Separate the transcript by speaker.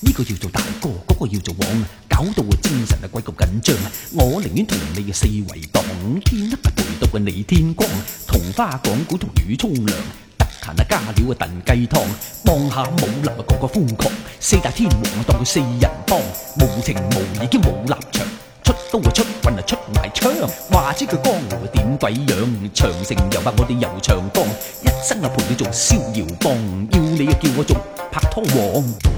Speaker 1: 呢、這個叫做大哥，嗰、這個叫做王，搞到我精神啊鬼咁緊張。我寧願同你嘅四圍蕩五天、啊，不陪到嘅你天光。同花講古同雨沖涼，得閒啊加料啊燉雞湯。望下武林啊個個瘋狂，四大天王啊當佢四人幫，無情無義兼冇立場，出刀啊出棍啊出埋、啊、槍，話知佢江湖點鬼樣？長城又話我哋游長江，一生啊陪你做逍遙幫，要你啊叫我做拍拖王。